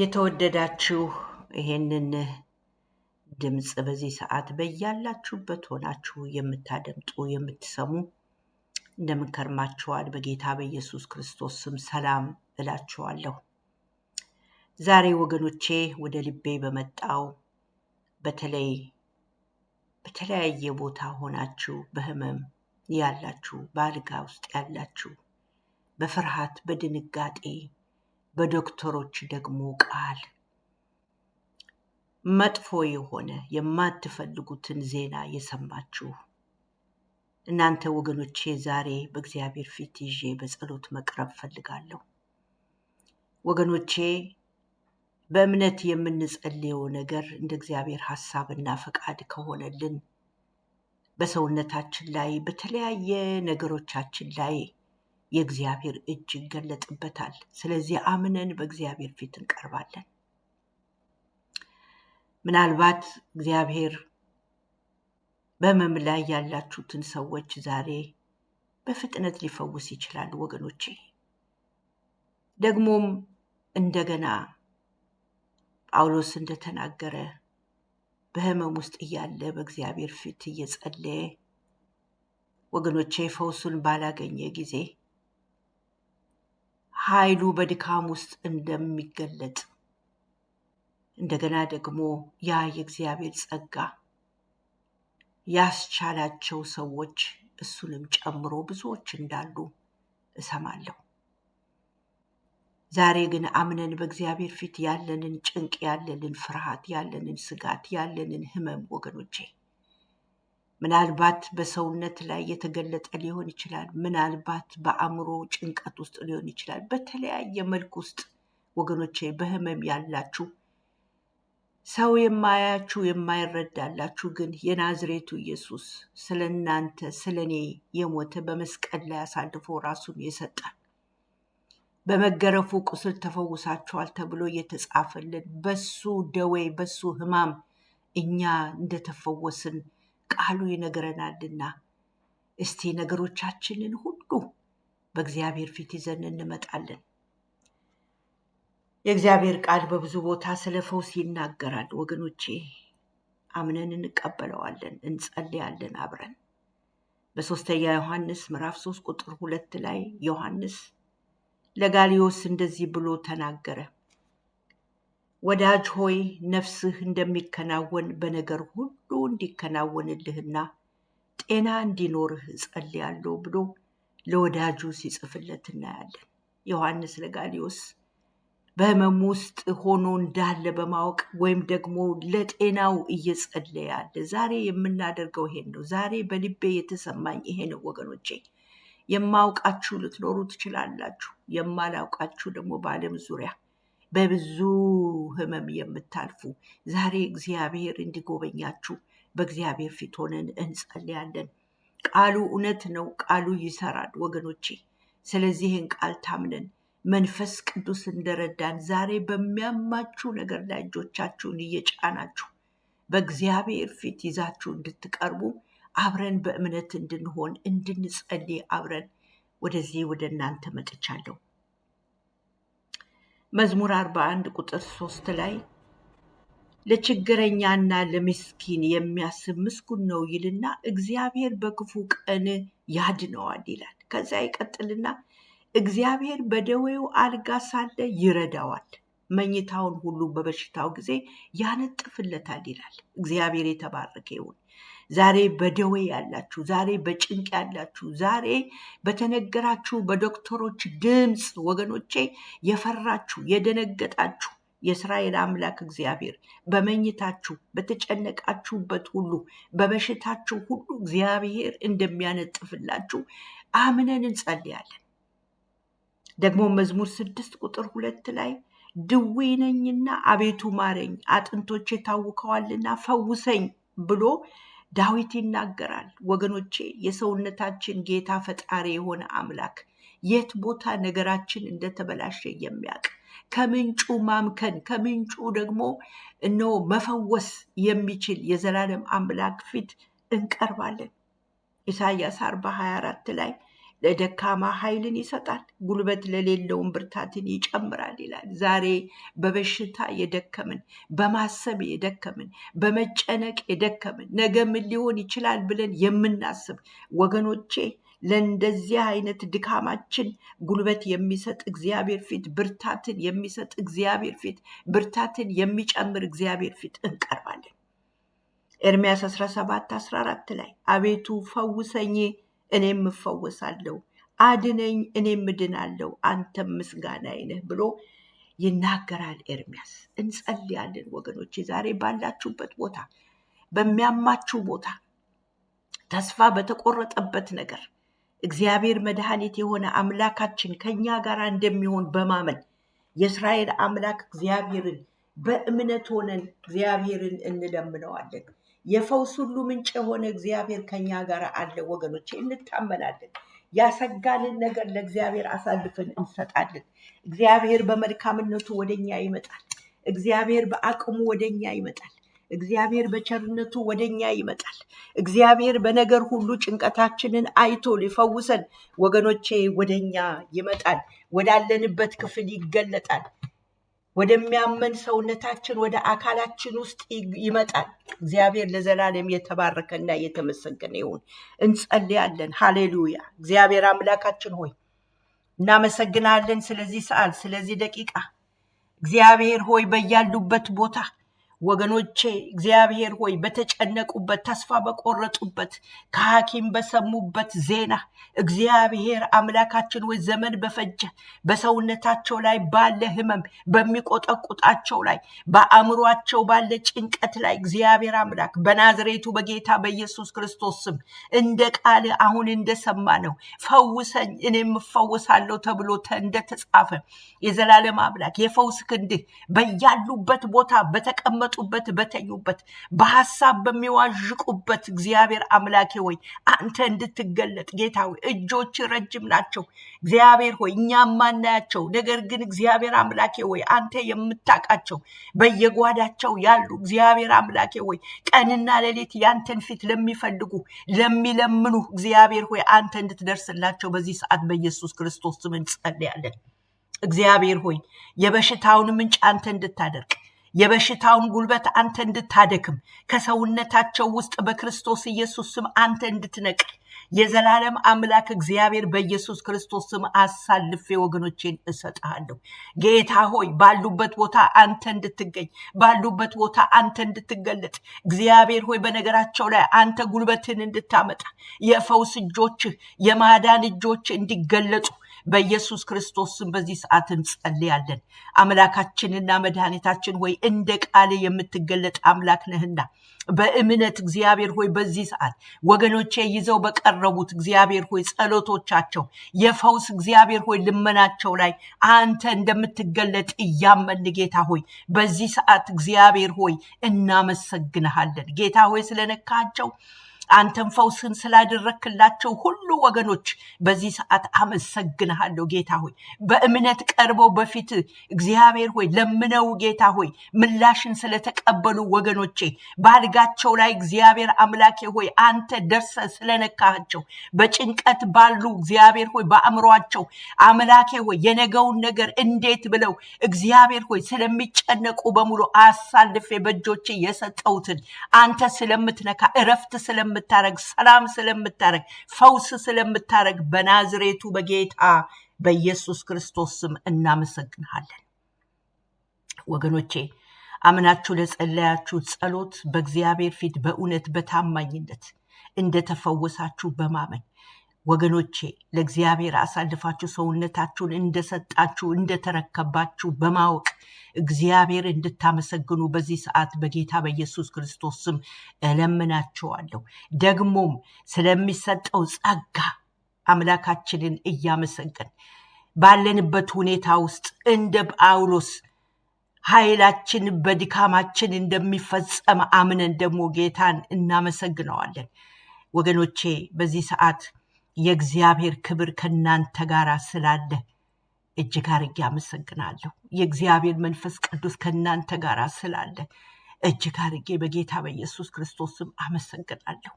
የተወደዳችሁ ይሄንን ድምፅ በዚህ ሰዓት በያላችሁበት ሆናችሁ የምታደምጡ የምትሰሙ እንደምንከርማችኋል በጌታ በኢየሱስ ክርስቶስ ስም ሰላም እላችኋለሁ። ዛሬ ወገኖቼ ወደ ልቤ በመጣው በተለይ በተለያየ ቦታ ሆናችሁ በህመም ያላችሁ፣ በአልጋ ውስጥ ያላችሁ፣ በፍርሃት በድንጋጤ በዶክተሮች ደግሞ ቃል መጥፎ የሆነ የማትፈልጉትን ዜና የሰማችሁ እናንተ ወገኖቼ ዛሬ በእግዚአብሔር ፊት ይዤ በጸሎት መቅረብ ፈልጋለሁ። ወገኖቼ በእምነት የምንጸልየው ነገር እንደ እግዚአብሔር ሐሳብና ፈቃድ ከሆነልን በሰውነታችን ላይ በተለያየ ነገሮቻችን ላይ የእግዚአብሔር እጅ ይገለጥበታል። ስለዚህ አምነን በእግዚአብሔር ፊት እንቀርባለን። ምናልባት እግዚአብሔር በሕመም ላይ ያላችሁትን ሰዎች ዛሬ በፍጥነት ሊፈውስ ይችላል ወገኖቼ። ደግሞም እንደገና ጳውሎስ እንደተናገረ በሕመም ውስጥ እያለ በእግዚአብሔር ፊት እየጸለየ ወገኖቼ ፈውሱን ባላገኘ ጊዜ ኃይሉ በድካም ውስጥ እንደሚገለጥ እንደገና ደግሞ ያ የእግዚአብሔር ጸጋ ያስቻላቸው ሰዎች እሱንም ጨምሮ ብዙዎች እንዳሉ እሰማለሁ። ዛሬ ግን አምነን በእግዚአብሔር ፊት ያለንን ጭንቅ፣ ያለንን ፍርሃት፣ ያለንን ስጋት፣ ያለንን ህመም ወገኖቼ ምናልባት በሰውነት ላይ የተገለጠ ሊሆን ይችላል። ምናልባት በአእምሮ ጭንቀት ውስጥ ሊሆን ይችላል። በተለያየ መልክ ውስጥ ወገኖቼ በህመም ያላችሁ ሰው የማያችሁ የማይረዳላችሁ ግን የናዝሬቱ ኢየሱስ ስለ እናንተ ስለ እኔ የሞተ በመስቀል ላይ አሳልፎ ራሱን የሰጠ በመገረፉ ቁስል ተፈውሳችኋል ተብሎ የተጻፈልን በሱ ደዌ በሱ ህማም እኛ እንደተፈወስን ቃሉ ይነግረናልና እስቲ ነገሮቻችንን ሁሉ በእግዚአብሔር ፊት ይዘን እንመጣለን። የእግዚአብሔር ቃል በብዙ ቦታ ስለ ፈውስ ይናገራል ወገኖቼ። አምነን እንቀበለዋለን፣ እንጸልያለን አብረን። በሶስተኛ ዮሐንስ ምዕራፍ ሶስት ቁጥር ሁለት ላይ ዮሐንስ ለጋሊዮስ እንደዚህ ብሎ ተናገረ። ወዳጅ ሆይ ነፍስህ እንደሚከናወን በነገር ሁሉ እንዲከናወንልህና ጤና እንዲኖርህ ጸልያለሁ ብሎ ለወዳጁ ሲጽፍለት እናያለን። ዮሐንስ ለጋሊዮስ በህመሙ ውስጥ ሆኖ እንዳለ በማወቅ ወይም ደግሞ ለጤናው እየጸለየ ያለ ዛሬ የምናደርገው ይሄን ነው። ዛሬ በልቤ የተሰማኝ ይሄ ወገኖቼ። የማውቃችሁ ልትኖሩ ትችላላችሁ። የማላውቃችሁ ደግሞ በዓለም ዙሪያ በብዙ ህመም የምታልፉ ዛሬ እግዚአብሔር እንዲጎበኛችሁ በእግዚአብሔር ፊት ሆነን እንጸልያለን። ቃሉ እውነት ነው። ቃሉ ይሰራል ወገኖቼ። ስለዚህን ቃል ታምነን መንፈስ ቅዱስ እንደረዳን ዛሬ በሚያማችሁ ነገር ላይ እጆቻችሁን እየጫናችሁ በእግዚአብሔር ፊት ይዛችሁ እንድትቀርቡ አብረን በእምነት እንድንሆን እንድንጸልይ አብረን ወደዚህ ወደ እናንተ መጥቻለሁ። መዝሙር 41 ቁጥር ሶስት ላይ ለችግረኛና ለምስኪን የሚያስብ ምስጉን ነው ይልና እግዚአብሔር በክፉ ቀን ያድነዋል ይላል። ከዚያ ይቀጥልና እግዚአብሔር በደዌው አልጋ ሳለ ይረዳዋል፣ መኝታውን ሁሉ በበሽታው ጊዜ ያነጥፍለታል ይላል። እግዚአብሔር የተባረከ ይሁን። ዛሬ በደዌ ያላችሁ፣ ዛሬ በጭንቅ ያላችሁ፣ ዛሬ በተነገራችሁ በዶክተሮች ድምፅ ወገኖቼ የፈራችሁ የደነገጣችሁ የእስራኤል አምላክ እግዚአብሔር በመኝታችሁ በተጨነቃችሁበት ሁሉ በበሽታችሁ ሁሉ እግዚአብሔር እንደሚያነጥፍላችሁ አምነን እንጸልያለን። ደግሞ መዝሙር ስድስት ቁጥር ሁለት ላይ ድዌ ነኝና አቤቱ ማረኝ፣ አጥንቶቼ ታውከዋልና ፈውሰኝ ብሎ ዳዊት ይናገራል። ወገኖቼ የሰውነታችን ጌታ ፈጣሪ የሆነ አምላክ የት ቦታ ነገራችን እንደተበላሸ የሚያውቅ ከምንጩ ማምከን ከምንጩ ደግሞ እነሆ መፈወስ የሚችል የዘላለም አምላክ ፊት እንቀርባለን። ኢሳያስ አርባ ሀያ አራት ላይ ለደካማ ኃይልን ይሰጣል፣ ጉልበት ለሌለውን ብርታትን ይጨምራል ይላል። ዛሬ በበሽታ የደከምን፣ በማሰብ የደከምን፣ በመጨነቅ የደከምን ነገ ምን ሊሆን ይችላል ብለን የምናስብ ወገኖቼ ለእንደዚህ አይነት ድካማችን ጉልበት የሚሰጥ እግዚአብሔር ፊት ብርታትን የሚሰጥ እግዚአብሔር ፊት ብርታትን የሚጨምር እግዚአብሔር ፊት እንቀርባለን። ኤርሚያስ 17 14 ላይ አቤቱ ፈውሰኝ፣ እኔም እፈወሳለሁ፣ አድነኝ፣ እኔም እድናለሁ፣ አንተም ምስጋና አይነህ ብሎ ይናገራል ኤርሚያስ። እንጸልያለን ወገኖች፣ ዛሬ ባላችሁበት ቦታ፣ በሚያማችሁ ቦታ፣ ተስፋ በተቆረጠበት ነገር እግዚአብሔር መድኃኒት የሆነ አምላካችን ከእኛ ጋር እንደሚሆን በማመን የእስራኤል አምላክ እግዚአብሔርን በእምነት ሆነን እግዚአብሔርን እንለምነዋለን። የፈውስ ሁሉ ምንጭ የሆነ እግዚአብሔር ከኛ ጋር አለ ወገኖች እንታመናለን። ያሰጋልን ነገር ለእግዚአብሔር አሳልፈን እንሰጣለን። እግዚአብሔር በመልካምነቱ ወደኛ ይመጣል። እግዚአብሔር በአቅሙ ወደኛ ይመጣል። እግዚአብሔር በቸርነቱ ወደ እኛ ይመጣል። እግዚአብሔር በነገር ሁሉ ጭንቀታችንን አይቶ ሊፈውሰን ወገኖቼ ወደ እኛ ይመጣል። ወዳለንበት ክፍል ይገለጣል። ወደሚያመን ሰውነታችን ወደ አካላችን ውስጥ ይመጣል። እግዚአብሔር ለዘላለም የተባረከና የተመሰገነ ይሁን። እንጸልያለን። ሃሌሉያ። እግዚአብሔር አምላካችን ሆይ እናመሰግናለን፣ ስለዚህ ሰዓት፣ ስለዚህ ደቂቃ እግዚአብሔር ሆይ በያሉበት ቦታ ወገኖቼ እግዚአብሔር ሆይ በተጨነቁበት ተስፋ በቆረጡበት ከሐኪም በሰሙበት ዜና እግዚአብሔር አምላካችን ወይ ዘመን በፈጀ በሰውነታቸው ላይ ባለ ህመም በሚቆጠቁጣቸው ላይ በአእምሯቸው ባለ ጭንቀት ላይ እግዚአብሔር አምላክ በናዝሬቱ በጌታ በኢየሱስ ክርስቶስ ስም እንደ ቃል አሁን እንደሰማ ነው ፈውሰኝ እኔም እፈወሳለሁ ተብሎ እንደተጻፈ የዘላለም አምላክ የፈውስ ክንድህ በያሉበት ቦታ በተቀመጡ በተቀመጡበት በተኙበት በሀሳብ በሚዋዥቁበት እግዚአብሔር አምላኬ ሆይ አንተ እንድትገለጥ ጌታ ሆይ እጆች ረጅም ናቸው። እግዚአብሔር ሆይ እኛ ማናያቸው፣ ነገር ግን እግዚአብሔር አምላኬ ሆይ አንተ የምታውቃቸው በየጓዳቸው ያሉ እግዚአብሔር አምላኬ ሆይ ቀንና ሌሊት ያንተን ፊት ለሚፈልጉ ለሚለምኑ እግዚአብሔር ሆይ አንተ እንድትደርስላቸው በዚህ ሰዓት በኢየሱስ ክርስቶስ ስም እንጸልያለን። እግዚአብሔር ሆይ የበሽታውን ምንጭ አንተ እንድታደርቅ የበሽታውን ጉልበት አንተ እንድታደክም ከሰውነታቸው ውስጥ በክርስቶስ ኢየሱስ ስም አንተ እንድትነቅል የዘላለም አምላክ እግዚአብሔር በኢየሱስ ክርስቶስ ስም አሳልፌ ወገኖቼን እሰጥሃለሁ። ጌታ ሆይ ባሉበት ቦታ አንተ እንድትገኝ፣ ባሉበት ቦታ አንተ እንድትገለጥ፣ እግዚአብሔር ሆይ በነገራቸው ላይ አንተ ጉልበትን እንድታመጣ፣ የፈውስ እጆችህ፣ የማዳን እጆች እንዲገለጹ በኢየሱስ ክርስቶስም በዚህ ሰዓት እንጸልያለን። አምላካችንና መድኃኒታችን ሆይ እንደ ቃል የምትገለጥ አምላክ ነህና በእምነት እግዚአብሔር ሆይ በዚህ ሰዓት ወገኖቼ ይዘው በቀረቡት እግዚአብሔር ሆይ ጸሎቶቻቸው የፈውስ እግዚአብሔር ሆይ ልመናቸው ላይ አንተ እንደምትገለጥ እያመን ጌታ ሆይ በዚህ ሰዓት እግዚአብሔር ሆይ እናመሰግንሃለን። ጌታ ሆይ ስለነካቸው አንተን ፈውስን ስላደረክላቸው ሁሉ ወገኖች በዚህ ሰዓት አመሰግንሃለሁ ጌታ ሆይ። በእምነት ቀርበው በፊት እግዚአብሔር ሆይ ለምነው ጌታ ሆይ ምላሽን ስለተቀበሉ ወገኖቼ በአልጋቸው ላይ እግዚአብሔር አምላኬ ሆይ አንተ ደርሰ ስለነካቸው በጭንቀት ባሉ እግዚአብሔር ሆይ በአእምሯቸው አምላኬ ሆይ የነገውን ነገር እንዴት ብለው እግዚአብሔር ሆይ ስለሚጨነቁ በሙሉ አሳልፌ በእጆቼ የሰጠውትን አንተ ስለምትነካ እረፍት ስለ ስለምታረግ፣ ሰላም ስለምታረግ፣ ፈውስ ስለምታረግ በናዝሬቱ በጌታ በኢየሱስ ክርስቶስ ስም እናመሰግንሃለን። ወገኖቼ አምናችሁ ለጸለያችሁ ጸሎት በእግዚአብሔር ፊት በእውነት በታማኝነት እንደተፈወሳችሁ በማመን ወገኖቼ ለእግዚአብሔር አሳልፋችሁ ሰውነታችሁን እንደሰጣችሁ እንደተረከባችሁ በማወቅ እግዚአብሔር እንድታመሰግኑ በዚህ ሰዓት በጌታ በኢየሱስ ክርስቶስ ስም እለምናችኋለሁ። ደግሞም ስለሚሰጠው ጸጋ አምላካችንን እያመሰገን ባለንበት ሁኔታ ውስጥ እንደ ጳውሎስ ኃይላችን በድካማችን እንደሚፈጸም አምነን ደግሞ ጌታን እናመሰግነዋለን። ወገኖቼ በዚህ ሰዓት የእግዚአብሔር ክብር ከእናንተ ጋር ስላለ እጅግ አርጌ አመሰግናለሁ። የእግዚአብሔር መንፈስ ቅዱስ ከእናንተ ጋር ስላለ እጅግ አርጌ በጌታ በኢየሱስ ክርስቶስም አመሰግናለሁ።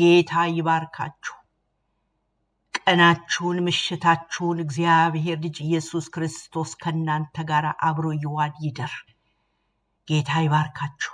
ጌታ ይባርካችሁ። ቀናችሁን፣ ምሽታችሁን እግዚአብሔር ልጅ ኢየሱስ ክርስቶስ ከእናንተ ጋር አብሮ ይዋል ይደር። ጌታ ይባርካችሁ።